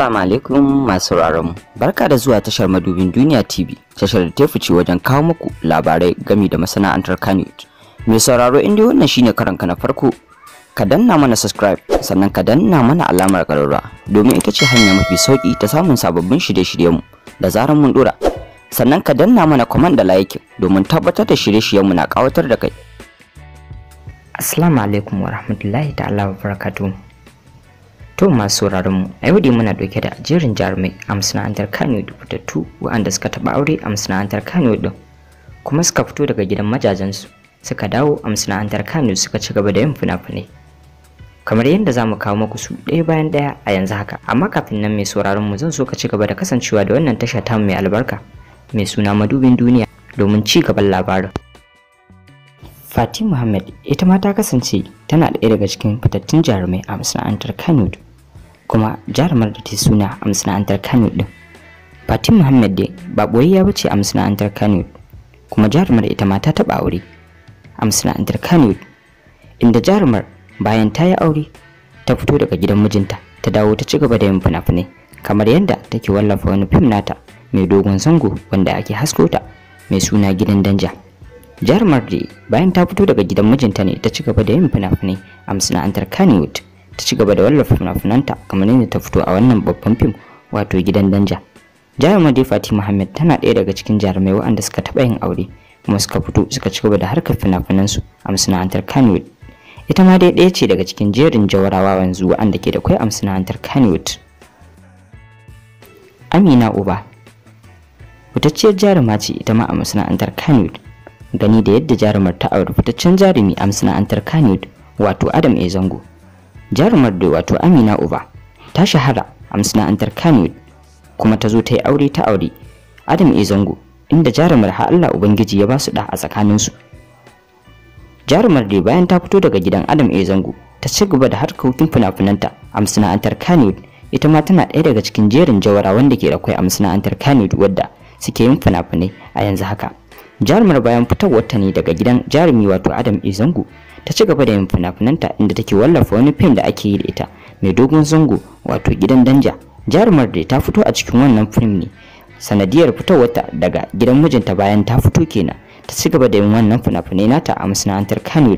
Assalamu alaikum masu mu Barka da zuwa tashar madubin Duniya TV, tashar da ta fice wajen kawo muku labarai gami da masana'antar Kanut. Mai sauraro inda wannan shine karanka na farko, ka danna mana subscribe sannan ka danna mana alamar kararra domin ita ce hanya mafi sauki ta samun sababbin shirye mu da zarar mun dora. Sannan ka danna mana comment da like domin tabbatar da shirye-shiryenmu na kawatar da kai. Assalamu alaikum wa rahmatullahi ta'ala wa barakatuh. To masu mu, a yau dai muna dauke da jerin jarumai a masana'antar da fitattu waɗanda suka taɓa aure a masana'antar Kanyewood din. Kuma suka fito daga gidan majajensu, suka dawo a masana'antar Kanyewood suka ci gaba da yin fina-finai. Kamar yadda za mu kawo muku su ɗaya bayan ɗaya a yanzu haka, amma kafin nan mai sauraron mu zan so ka ci gaba da kasancewa da wannan tasha ta mai albarka mai suna madubin duniya domin ci gaban labarin. Fatima Muhammad ita ma ta kasance tana ɗaya daga cikin fitattun jarumai a masana'antar Kano. kuma jarumar da ta suna a masana'antar Kano din. Fatim Muhammad dai ba boyayya bace a masana'antar Kano kuma jarumar ita ma ta taba aure a masana'antar Kano inda jarumar bayan ta yi aure ta fito daga gidan mijinta ta dawo ta ci gaba da yin fina-finai kamar yadda take wallafa wani fim nata mai dogon zango wanda ake hasko ta mai suna gidan danja jarumar da bayan ta fito daga gidan mijinta ne ta ci gaba da yin fina-finai a masana'antar kano ta ci gaba da wallafa fina-finanta kamar yadda ta fito a wannan babban fim wato gidan danja jarumar dai fati muhammad tana ɗaya daga cikin jarumai waɗanda suka taɓa yin aure kuma suka fito suka ci gaba da harkar fina-finansu a masana'antar kanwood ita ma dai ɗaya ce daga cikin jerin jawarawa yanzu waɗanda ke da kwai a masana'antar kanwood amina uba fitacciyar jaruma ce ita ma a masana'antar kanwood gani da yadda jarumar ta auri fitaccen jarumi a masana'antar kanwood wato adam ezango jarumar da wato amina uba ta shahara a masana'antar kano kuma ta zo ta yi aure ta aure adam e zango inda jarumar har allah ubangiji ya ba su da a tsakaninsu jarumar da bayan ta fito daga gidan adam e zango ta ci gaba da harkokin fina-finanta a masana'antar kano ita ma tana ɗaya daga cikin jerin jawara wanda ke rakwai a masana'antar kano wadda suke yin fina-finai a yanzu haka jarumar bayan fitowar ta ne daga gidan jarumi wato adam e zango ta ci gaba da yin fina-finanta inda take wallafa wani fim da ake yi da ita mai dogon zango wato gidan danja jarumar da ta fito a cikin wannan fim ne sanadiyar fitowarta daga gidan mijinta bayan ta fito kenan ta ci gaba da yin wannan fina-finai nata a masana'antar kano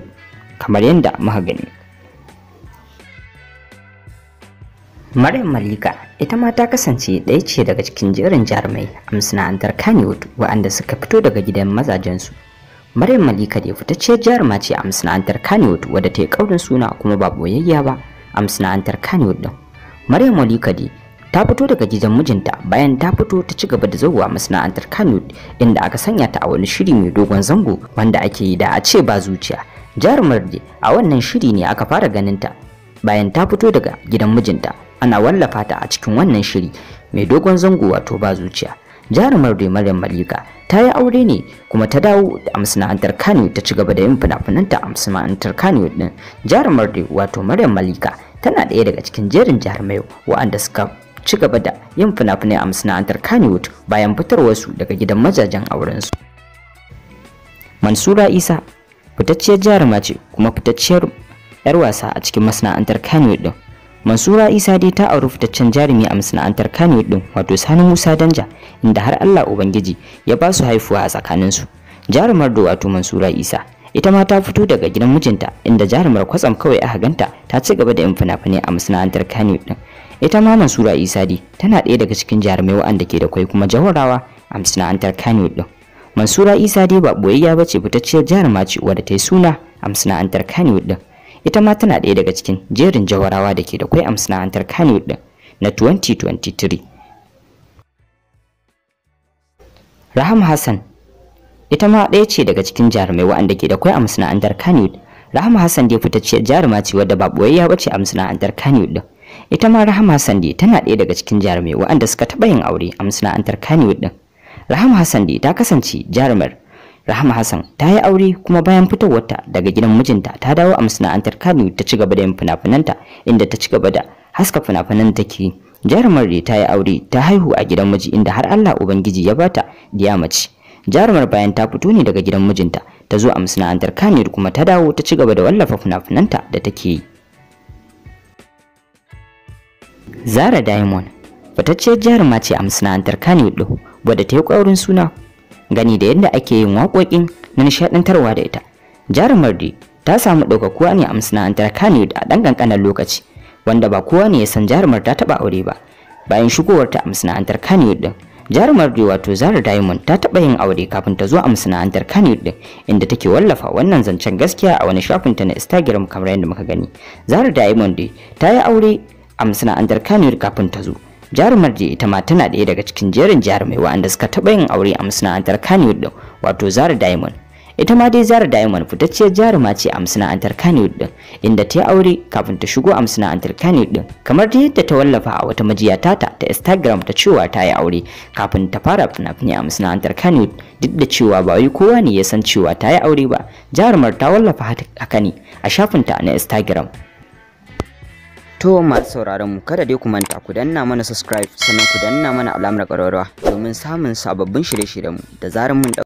kamar yadda muka gani Maryam Malika ita ma ta kasance ɗaya ce daga cikin jerin jarumai a masana'antar Kannywood waɗanda suka fito daga gidan mazajensu Maryam Malika dai fitacciyar jaruma ce a masana'antar Kannywood wadda ta yi kaurin suna kuma ba boyayya ba a masana'antar Kannywood din. Maryam Malika dai ta fito daga gidan mijinta bayan ta fito ta ci gaba da a masana'antar Kannywood inda aka sanya ta a wani shiri mai dogon zango wanda ake yi da a ce ba zuciya. Jarumar dai a wannan shiri ne aka fara ganin ta bayan ta fito daga gidan mijinta ana wallafa ta a cikin wannan shiri mai dogon zango wato ba zuciya. jarumar da maryam malika ta yi aure ne kuma ta dawo a masana'antar kano ta ci gaba da yin fina-finanta a masana'antar kano din jarumar wato maryam malika tana ɗaya daga cikin jerin jarumai wa'anda suka ci gaba da yin fina-finai a masana'antar Kannywood bayan wasu daga gidan majajen aurensu. Mansura Isa fitacciyar jaruma ce kuma fitacciyar 'yar wasa a cikin masana'antar Kannywood din Mansura Isa dai ta auri fitaccen jarumi a masana'antar Kano din wato Sani Musa Danja inda har Allah Ubangiji ya ba su haifuwa a tsakaninsu. Jarumar da wato Mansura Isa ita ma ta fito daga gidan mijinta inda jarumar kwatsam kawai aka ganta ta ci gaba da yin fina-finai a masana'antar Kano din. Ita ma Mansura Isa dai tana ɗaya daga cikin jarumai waɗanda ke da kwai kuma jawarawa a masana'antar Kano din. Mansura Isa dai ba boyayya bace fitacciyar jaruma ce wadda ta yi suna a masana'antar Kano din. ita ma tana ɗaya daga cikin jerin jawarawa da ke da kwai a tar Kano din na 2023 Raham Hassan ita ma ɗaya ce daga cikin jarumai waɗanda ke da kwai a masana'antar Kano Rahama Hassan dai fita ce jaruma ce wadda ba boyayya bace a tar Kano din ita ma Rahama Hassan dai tana ɗaya daga cikin jarumai waɗanda suka taɓa yin aure a tar Kano din Rahama Hassan dai ta kasance jarumar Rahma Hassan ta yi aure kuma bayan fitowarta daga gidan mijinta ta dawo a masana'antar Kano ta ci gaba da yin fina-finanta inda ta ci gaba da haska fina-finan take jarumar da ta yi aure ta haihu a gidan miji inda har Allah ubangiji ya bata diya mace jarumar bayan ta fito ne daga gidan mijinta ta zo a masana'antar Kano kuma ta dawo ta ci gaba da wallafa fina-finanta da take yi Zara Diamond fitacciyar jaruma ce a masana'antar Kano wadda ta yi kwaurin suna gani da yadda ake yin waƙoƙin na nishaɗantarwa da ita jarumar Mardi ta samu ɗaukakuwa ne a masana'antar kano a ɗan ƙanƙanin lokaci wanda ba kowa ne ya san jarumar ta taɓa aure ba bayan shigowarta a masana'antar kano din jarumar Mardi wato zara diamond ta taɓa yin aure kafin ta zo a masana'antar kano ɗin, inda take wallafa wannan zancen gaskiya a wani shafin ta na instagram kamar yadda muka gani zara diamond dai ta yi aure a masana'antar kano kafin ta zo jarumar da ita ma tana ɗaya daga cikin jerin jarumai waɗanda suka taɓa yin aure a masana'antar Kanewood din wato Zara Diamond ita ma dai Zara Diamond fitacciyar jaruma ce a masana'antar Kanewood ɗin, inda ta yi aure kafin ta shigo a masana'antar Kanewood din kamar dai yadda ta wallafa a wata majiya tata ta Instagram ta cewa ta yi aure kafin ta fara fina-finai a masana'antar Kanewood duk da cewa ba wai kowa ne ya san cewa ta yi aure ba jarumar ta wallafa haka ne a shafinta na Instagram To masu sauraron mu kada dai ku manta ku danna mana subscribe sannan ku danna mana alamar ƙararrawa domin samun sababbin shirye-shiryen mu da zarar mun